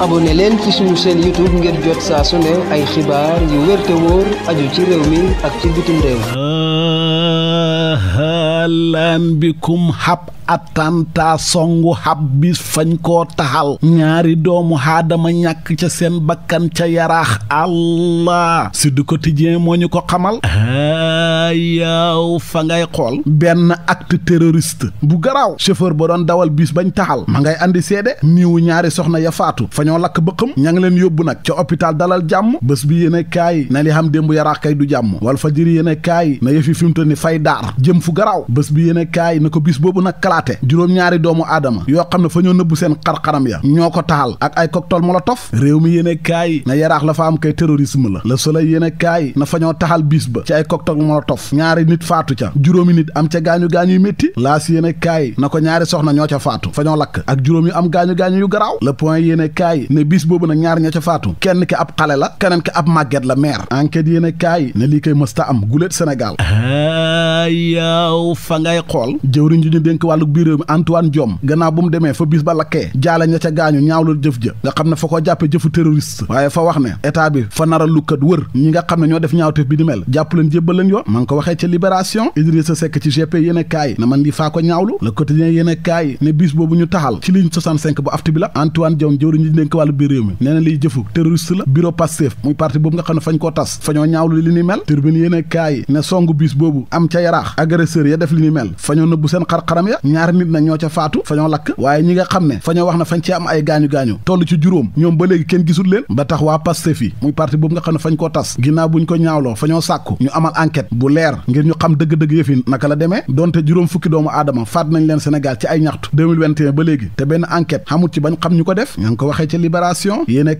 abonné leen ci suñu chaîne YouTube ngir jot saa su ay xibaar yu wér te aju ci réew mi ak ci bitim réew. lan bikum hab attentat songu hab bi fañ koo taxal ñaari doomu aadama ñàkk ca seen bakkan ca yaraax allah Sud Quotidien moo ñu ko xamal ayaw fa ngay xool benn acte terroriste bu garaaw chauffeur ba doon dawal bis bañ taxal ma ngay andi seede niiwu ñaari soxna ya faatu fa ñoo lakk bëqam ña leen yóbbu nag ca hôpital dalal jàmm bés bi yéene kaay na li xam démb yaraax kay du jàmm wal fajiri yéene kaay na yëfi fi mu toll ni fay daar jëm fu garaaw bés bi yéene kaay na ko bis boobu nag talaate juróom-ñaari doomu aadama yoo xam ne fa ñoo nëbbu seen xar-xaram ya ñoo ko taxal ak ay cocktail molotov réew mi yéene kaay na yaraax la fa am kay terrorisme la Le Soleil yéene kaay na fa ñoo taxal bis ba ci ay cocktail molotov ñaari nit faatu ca juróomi nit am ca gaañu-gaañu yu laas yéene kaay na ko ñaari soxna ñoo ca faatu fa ñoo lakk ak juróom yu am gaañu-gaañu yu garaaw Le Point yéene kaay ne bis boobu nag ñaari ñoo ca faatu kenn ki ab xale la keneen ki ab màgget la maire enquête yéene kaay ne lii koy kàdduk biir réew mi Antoine Diome gannaaw bu mu demee fa bis ba lakkee jaale ña ca gaañu ñaawlul jëf ja nga xam ne fa ko jàppe jëfu terroriste waaye fa wax ne état bi fa nar a lukkat wër ñi nga xam ne ñoo def ñaawteef bi ni mel jàpp jébbal leen yoon ma ko waxee ca libération Idrissa Seck ci GP yéen kaay na man di faa ko ñaawlu le quotidien yéen kaay ne bis boobu ñu taxal ci ligne bu afti bi la Antoine Diome jëwriñ ñi dénk wàllu biir mi nee na liy jëfu ñaar nit nag ñoo ca faatu fa ñoo lakk waaye ñi nga xam ne fa ñoo wax na fañ ci am ay gaañu-gaañu toll ci juróom ñoom ba léegi kenn gisul leen ba tax waa Pastef yi muy parti boobu nga xam ne fañ koo tas ginnaaw buñ ko ñaawloo fa ñoo sàkku ñu amal enquête bu leer ngir ñu xam dëgg-dëgg yëf naka la demee donte juróom fukki doomu aadama faat nañ leen Sénégal ci ay ñaxtu 2021 ba léegi te benn enquête xamul ci bañ xam ñu ko def ña ngi ko waxee ci libération yéene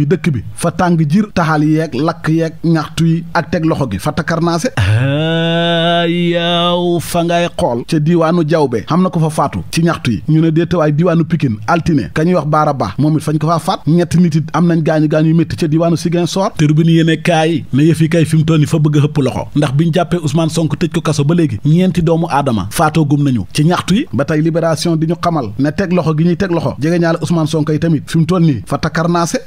yi dëkk bi fa tàng jir taxal yi lakk yeeg ñaxtu yi ak teg loxo gi fa takarnaase ah. yaaw fa ngay xool ca diiwaanu jawbe xam na ko fa faatu ci ñaxtu yi ñu ne déetawaay diiwaanu Pikine altine ka ñuy wax baara ba moom it fañ ko faa faat ñetti nit it am nañ gaañu gaañu yu métti ca diiwaanu Ziguinchor tribune yéene kaay ne yëf yi kay fi mu toll ni fa bëgg a hëpp loxo ndax biñ jàppee Ousmane Sonko tëj ko kaso ba léegi ñeenti doomu aadama faatoo gum nañu ci ñaxtu yi ba tey libération di ñu xamal ne teg loxo gi ñuy teg loxo jege ñaale Ousmane Sonko yi tamit fi mu toll nii fa takkarnaase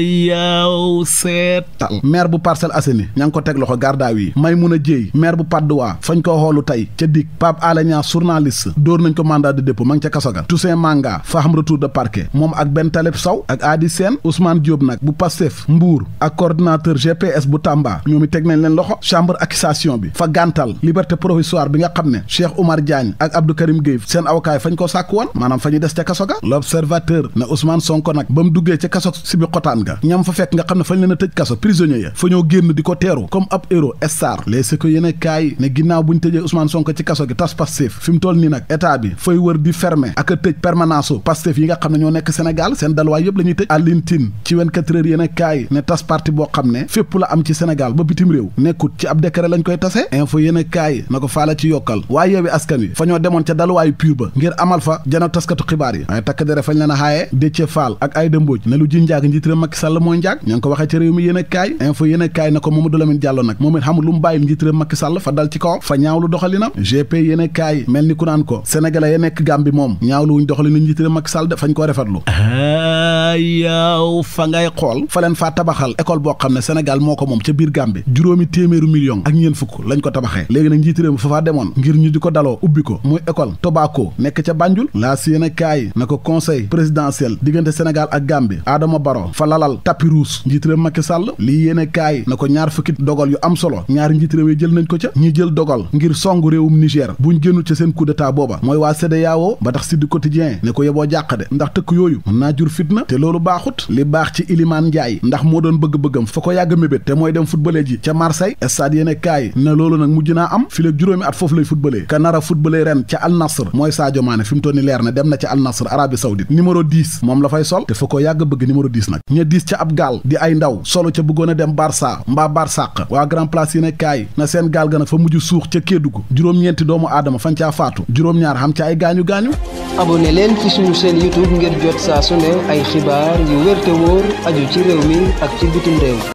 yaaw seetal maire bu Parcelles Assainies ña ko teg loxo gardaaw yi Maimouna Dièye maire bu Patte d'Oie fañ ko xoolu tey ca dik Pape Alé Niang journaliste dóor nañ ko mandat de dépôt ma ca kaso ga Toussaint Manga fa am retour de moom ak Ben Taleb Saw ak Adi Sène Ousmane nag bu Pastef Mbour ak coordinateur GPS bu Tamba ñoom teg nañ leen loxo chambre accusation bi fa gàntal liberté provisoire bi nga xam ne Cheikh Oumar Diagne ak Abdou Karim seen awkaay fañ ko sàkk woon maanaam fa ñu des ca kaso ga l'observateur ne Ousmane Sonko a tëj les ko yéen a kaay ne ginnaaw bu ñu tëjee Ousmane ci kaso gi tas Pastef fi mu nii nag état bi fay wër di fermer ak a tëj permanence u yi nga xam ne ñoo nekk Sénégal seen dalwaay yëpp la tëj Alioune ci 24 heures yéen kaay ne tas parti boo xam ne fépp la am ci Sénégal ba bitim réew nekkut ci ab décret lañ koy tase info yéen kaay na ko faala ci yokkal waaye yeewi askan fa ñoo demoon ca dalwaayu pur ba ngir amal fa njiit réew Macky fa dal ci kawam fa ñaawlu doxalinam gp yéene kaay mel ni ku naan ko sénégalais ya nekk Gàmbi moom ñaawlu wuñ doxalinu njiit réew Macky Sall de ko refetlu fa ngay xool fa leen faa tabaxal école boo xam ne Sénégal moo ko moom ca biir Gàmbi juróomi téeméeru million ak ñeen fukk lañ ko tabaxee léegi nag njiit réew mi fa demoon ngir ñu di ko daloo ubbi ko muy école Tobacco nekk ca Banjul laas yéene kaay na ko conseil présidentiel diggante senegal ak Gàmbi Adama Barrow fa lalal tapis rouge njiit réew Macky Sall lii yéene kaay na ko ñaar fukki dogal yu am solo ñaari njiit réew yi jël nañ ko ca ñi jël dogal ngir song réewum Niger buñ génnul ca seen coup booba mooy waa CEDEAO ba tax Sud Quotidien ne ko yeboo jàq de ndax tëkk yooyu mën fitna te loolu baaxut li baax ci Ilimaan Njaay ndax moo doon bëgg-bëggam fa ko yàgg mébét te mooy dem footballé ji ca Marseille stade yéene kaay ne loolu nag mujj naa am fileeg juróomi at foofu lay footballé ka nar a footballé ren ca Al Nassr mooy Sadio Mané fi mu toll leer na dem na ca Al Nassr Arabie Saoudite numéro 10 moom la fay sol te fa a dem na seen gaal ga nag fa mujj suux ca Kédougou juróom-ñeenti doomu aadama fañ caa faatu juróom-ñaar xam ca ay gaañu-gaañu abonné leen ci suñu chaîne YouTube ngir jot saa su ne ay xibaar yu wér te wóor aju ci réew mi ak ci bitim réew